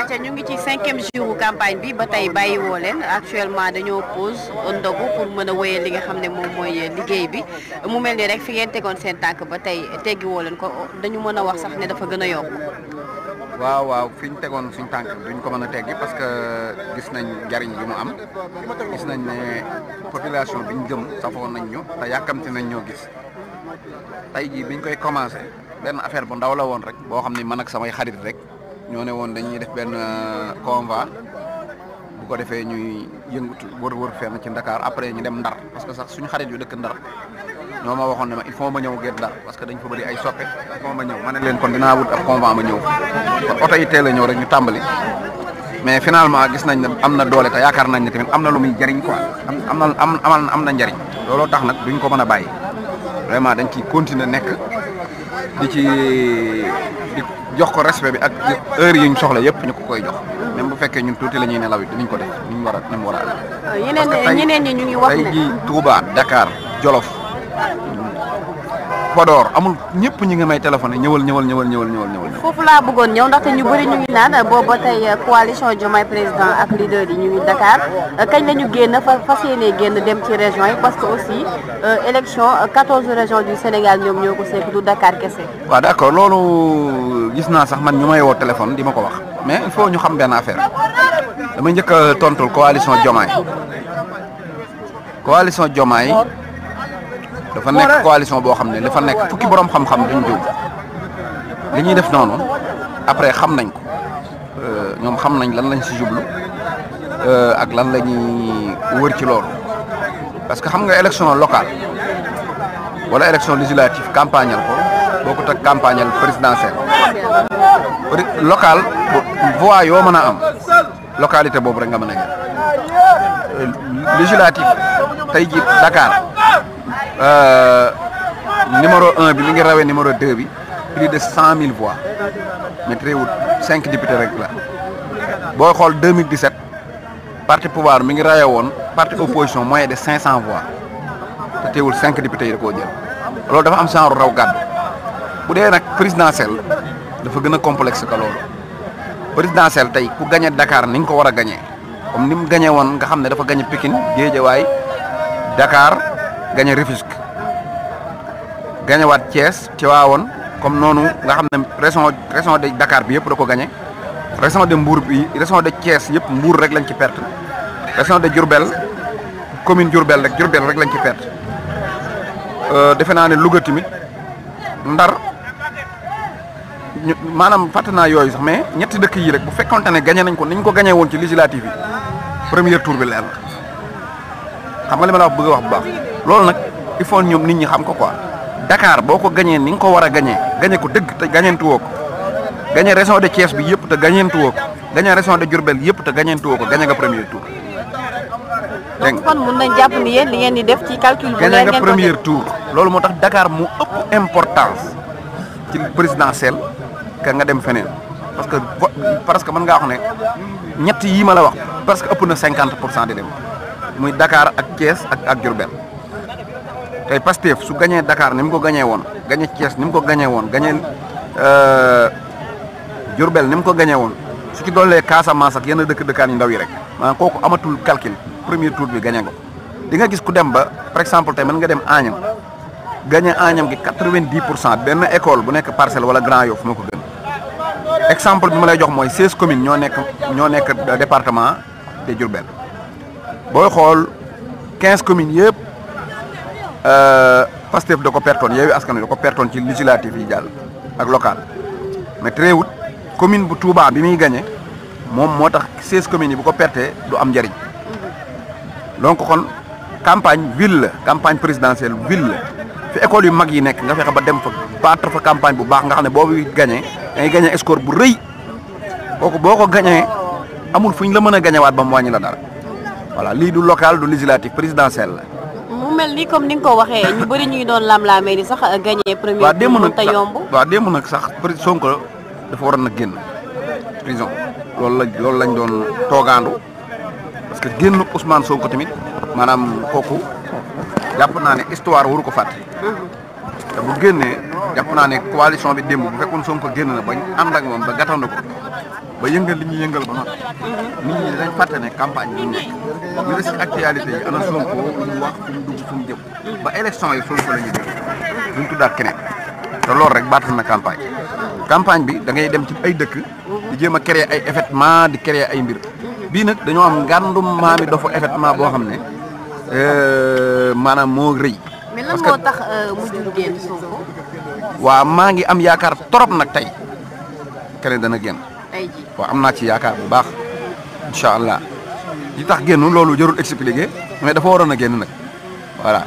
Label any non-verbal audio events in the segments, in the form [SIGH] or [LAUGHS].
acca ñu ngi ci cinquième jour campagne bi ba tey bàyyi woo leen actuellement dañoo pause ndogu pour mën a woyee li nga xam ne moom mooy liggéey bi mu mel ni rek fi ngeen tegoon seen tànk ba tey teggi woo leen ko dañu mën a wax sax ne dafa gën a yokk waaw waaw fi ñu tegoon suñ tànk duñ ko mën a teggi parce que gis nañ njariñ bi mu am gis nañ ne population bi ñu jëm safoon nañ ñu te yàkkamti nañ ñoo gis tey jii ñu koy commencé benn affaire bu ndaw la woon rek boo xam ne man ak samay xarit rek ñoo ne woon dañuy def benn euh, convoi bu ko defee ñuy yëngatu wër-wër fenn ci Ndakaar après ñu dem Ndar parce que sax suñu xarit yu dëkk Ndar ñoo ma waxoon ne ma il faut ma ñëw Guet Ndar parce que dañ fa bëri ay soppe il faut ma ñëw ma ne leen kon dinaa wut ab ma ñëw kon oto teel a ñëw rek ñu tàmbali mais finalement gis nañ ne am na doole yaakaar nañ ne tamit am na lu muy jariñ quoi am am am na njariñ looloo tax nag duñ ko mën a bàyyi vraiment dañ ci continuer nekk. di ci di jox ko respect bi ak heure yi ñu soxla yëpp ñu ko koy jox même bu fekkee ñun tuuti la ñuy nelaw it dinañ ko def ni ñu war a ni mu war a amee. Ah, ñeneen ñi ñu ngi wax ne tey jii Touba dakaar Jolof Podor amul ñëpp ñu ngi may téléphoné ñëwal ñëwal ñëwal ñëwal ñëwal ñëwal. foofu laa bëggoon ñëw ndaxte ñu bëri ñu ngi naan booba tey coalition Diomaye président ak leader yi ñu ngi Dakar kañ la ñu génn fa fas yéenee génn dem ci région yi parce que aussi euh, élection 14 régions du Sénégal ñoom ñoo ko seq du Dakar kese. waaw d' accord loolu gis naa sax man ñu may woo téléphone di ma ko wax mais il ñu xam benn affaire dama njëkk a tontul coalition Diomaye coalition Diomaye. dafa nekk coalition boo xam ne dafa nekk fukki borom xam-xam duñ jiw li ñuy def noonu après xam nañ ko euh, ñoom xam nañ lan lañ si jublu euh, ak lan la ñuy wër ci loolu parce que xam nga élection locale wala élection législative campagnal ko boo ko teg campagnal présidentielle local voix yoo mën a am localité boobu rek nga mën a euh, législative tey jii Dakar Euh, numéro 1 bi mi ngi rawee numéro 2 bi plus de 100000 voix mais teewul 5 députés rek la boo xool 2017 parti pouvoir mi ngi rawee woon parti opposition moyen de 500 voix te teewul 5 députés yi rek koo jël loolu dafa am genre raw gàddu bu dee nag présidentielle dafa gën a complexe que loolu présidentielle tey ku gagné Dakar ni nga ko war a gagné comme ni mu gagné woon nga xam ne dafa gagné Pikine Guédiawaye Dakar. gañe Rufisque gañewaat Thiès Tivaouane comme noonu nga xam ne région région de Dakar bi yëpp da ko gañe région de Mbour bi région de Thiès yëpp Mbour rek lañ ci perte région de Diourbel commune Diourbel rek Diourbel rek lañ ci perte euh, defe naa ne Louga tamit Ndar maanaam fàtte naa yooyu sax mais ñetti dëkk yi rek bu fekkonte ne gañe nañ ko ni ñu ko gañee ci législative yi premier tour bi leer xam nga li ma wax bëgg a wax bu baax loolu nag il faut ñoom nit ñi xam ko quoi dakaar boo ko gañee ni nga ko war a gañee gañee ko dëgg te gañeentu woo ko gañe région de Thiès bi yëpp te gañeentu woo ko gañe de Diourbel yëpp te gañeentu woo ko gañe nga premier tour. dégg kon nañ jàpp ni yéen li ngeen di def ci calcul bu gañe nga premier tour loolu moo tax dakaar mu ëpp importance ci présidentielle ka nga dem feneen parce que parce que mën ngaa wax ne ñett yii ma la wax parce que ëpp na cinquante pour cent di dem muy dakaar ak Thiès ak ak Diourbel tey Pastef su gañee dakaar ni mu ko gañee woon gañe Thiès ni mu ko gañee woon gañe euh, Diourbel ni mu ko gañee woon su ci doolee Casamance ak yenn dëkk dëkkaan yu ndaw yi rek maanaam kooku amatul calcul premier tour bi gañe nga di nga gis ku dem ba par exemple tey mën nga dem Agnam gañe Agnam gi quatre-vingt-dix pour cent benn école bu nekk parcelle wala Grand Yoff moo ko gën exemple bi ma lay jox mooy seize commune ñoo nekk ñoo nekk département de Diourbel booy xool quinze communes yëpp Euh, Pastef da ko pertoon Yewwi Askan Wi da ko pertoon ci législative yi jàll ak local mais teewut commune bu Touba bi muy gagné moom moo tax 16 communes yi bu ko pertee du am njëriñ donc kon campagne ville la campagne présidentielle ville la fi école yu mag yi nekk nga fexe ba dem fa battre fa campagne bu baax nga xam ne boobu gagné dangay gagné score bu rëy kooku boo ko gagné amul fu ñu la mën a gagné waat ba mu wàññi la dara voilà lii du local du législatif présidentiel la. mu mel ni comme ni nga ko waxee ñu bari ñu ngi doon lamlamee ni sax gagné premier. waaw démb nag te yomb waaw démb nag sax Sonko dafa waroon a génn prison loolu la lañ doon toogaandu parce que génn Ousmane Sonko tamit maanaam kooku jàpp naa ne histoire waru ko fàtte. Mhm. te bu génnee jàpp naa ne coalition bi démb bu fekkoon Sonko génn na bañ ànd ak moom ba gàttandu ko ba yëngal li ñuy yëngal ba noppi. nit ñi dañ fàtte ne bi ñu nekk. ñu des ci actualité yi ana Sonko mu wax fu dugg fu jëm. ba élection yi Sonko ñu tuddaat keneen. te loolu rek baatal na campagne. campagne bi da ngay dem ci ay dëkk. di jéem a créer ay événement di créer ay mbir. bii nag dañoo am ngàndum maami dofo événement boo xam ne euh, maanaam moo rëy. mais lan moo tax euh, génn Sonko. waaw maa ngi am yaakaar trop nag tey keneen dana génn. waa am naa ci yaakaar bu baax incha allah li tax génn loolu jarul expliquer mais dafa waroon a génn nag voilà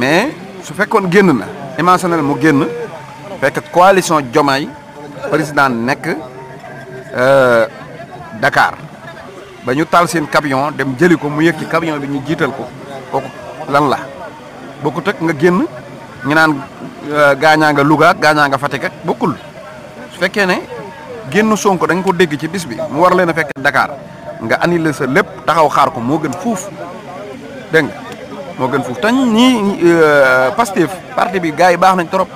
mais su fekkoon génn na émotionnel mu génn fekk coalition Diomaye président nekk euh, Dakar ba ñu taal seen camion dem jëli ko mu yëg ci camion bi ñu jiital ko kooku lan la bokkut ak nga génn ñu naan euh, gaañaa nga Louga gaañaa nga Fatick ak bokkul su fekkee ne. génn Sonko da nga ko dégg ci bis bi mu war leen a fekk Dakar nga annulé sa lépp taxaw xaar ko moo gën fuuf dégg nga moo gën fuuf tañ ñii euh, Pastef parti bi gars yi baax nañ trop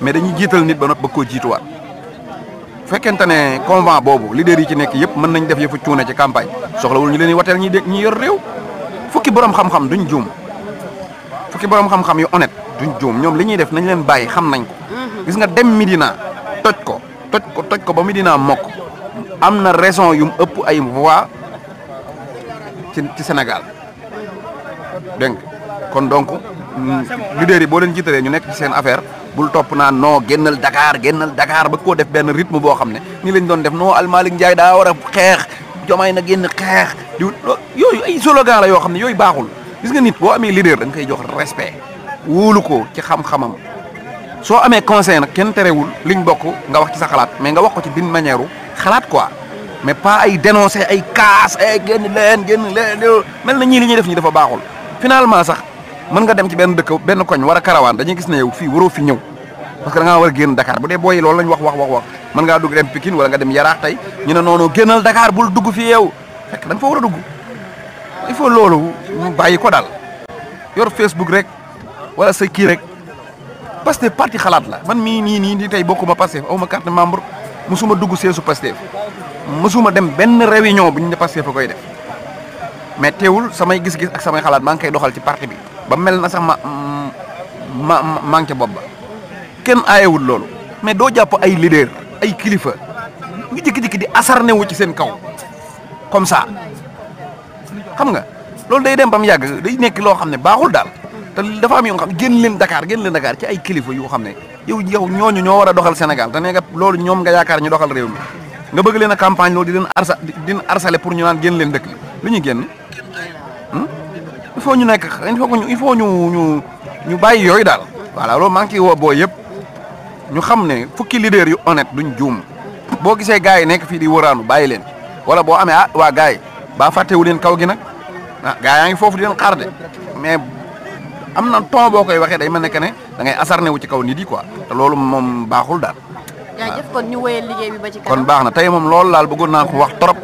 mais dañuy jiital nit ba noppi ba koo jiituwaat bu fekkente ne convent boobu leader yi ci nekk yëpp mën nañ def yëfu cuune ci campagne soxlawul ñu leen di wateel ñi dégg ñi yor réew fukki borom xam-xam duñ juum fukki borom xam-xam yu honnête duñ juum ñoom li ñuy def nañ leen bàyyi xam nañ ko mm-hmm. gis nga dem Medina toj ko ba Médina mokk am na raison yu mu ëpp ay voix ci ci Sénégal dégg kon donc mm, leader yi boo leen jiitalee ñu nekk ci seen affaire bul topp naa noo génnal dakaar génnal dakaar ba koo def benn rythme boo xam ne nii lañ doon def non Almalick Ndiaye daa war a xeex jomaay na génn xeex di yooyu ay slogan la yoo xam ne yooyu baaxul gis nga nit boo amee leader da nga koy jox respect wóolu ko ci xam-xamam. soo amee conseil nag kenn terewul liñ bokk nga wax ci sa xalaat mais nga wax ko ci bin manière xalaat quoi mais pas ay dénoncer ay kaas ay génn leen génn leen mel na ñii li ñuy def ñi dafa baaxul. finalement sax mën nga dem ci benn dëkk benn koñ war a karawaan dañuy gis ne yow fii waroo fi ñëw parce que da war a génn dakaar bu dee booy loolu lañ wax wax wax wax mën ngaa dugg dem Pikine wala nga dem Yaraax tey ñu ne noonu génnal dakaar bul dugg fi yew fekk da war a dugg il faut loolu bàyyi ko daal yor Facebook rek wala sa kii rek. Pastef parti xalaat la man mii nii nii di tey bokkuma Pastef awma carte membre mosuma dugg seesu Pastef mosuma dem benn réunion bu ñu ne Pastef a koy def mais teewul samay gis-gis ak samay xalaat maa ngi koy doxal ci parti bi ba mel na sax ma mm, ma maa bopp ba kenn aayewul loolu mais doo jàpp ay leader ay kilifa ñu jékki di asarne wu ci seen kaw comme ça xam nga loolu day dem ba mu yàgg day nekk loo xam ne baaxul daal te dafa am yoo xam génn leen Dakar génn leen Dakar ci ay kilifa yoo xam ne yow yow ñooñu ñoo war a doxal Sénégal te nee loolu ñoom nga yakaar ñu doxal réew mi nga bëgg leen a campagne loolu di leen arsa di arsale pour ñu naan génn leen dëkk lu ñu génn hmm? il faut ñu nekk il faut ñu il faut ñu ñu ñu bàyyi yooyu daal voilà loolu maa ngi ciy boo yëpp ñu xam ne fukki leader yu honnête duñ juum boo gisee gars yi nekk fii di wëraanu bàyyi leen wala boo amee ah waa gars yi baa fàttewu leen kaw gi nag ah gars yaa ngi foofu di leen am na ton boo koy waxee day mel ne que ne da ngay asarne wu ci kaw nit yi quoi te loolu moom baaxul daal. kon baax na tey moom loolu laal bëggoon naa ko wax trop.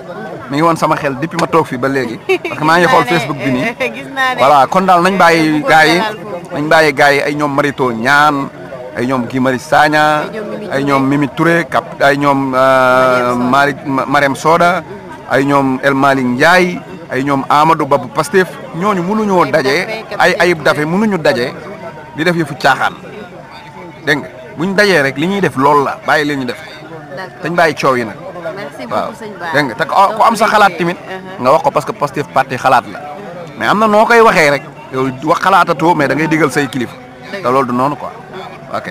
mi ngi woon sama xel depuis ma toog fii ba léegi parce maa ngi xool Facebook bi nii [LAUGHS] voilà kon daal nañ bàyyi gars yi nañ bàyyi gars yi ay ñoom marito ñaan ay ñoom Guy mari Sagna ay ñoom Mimi Touré kap ay ñoom euh, Mari Marème Soda ay ñoom El Malick Ndiaye ay ñoom Amadou Ba bu Pastef ñooñu mënuñu woon daje ay ayib dafe mënuñu daje di def yëfu caaxaan dégg nga buñ dajee rek li ñuy def loolu la bàyyi leen ñu def dañ bàyyi coow yi nag waaw dégg nga te am sa xalaat tamit uh-huh. nga wax ko parce que Pastef parti xalaat la mais am na noo koy waxee rek yow wax xalaatatoo mais dangay ngay digal say kilifa te loolu du noonu ko ok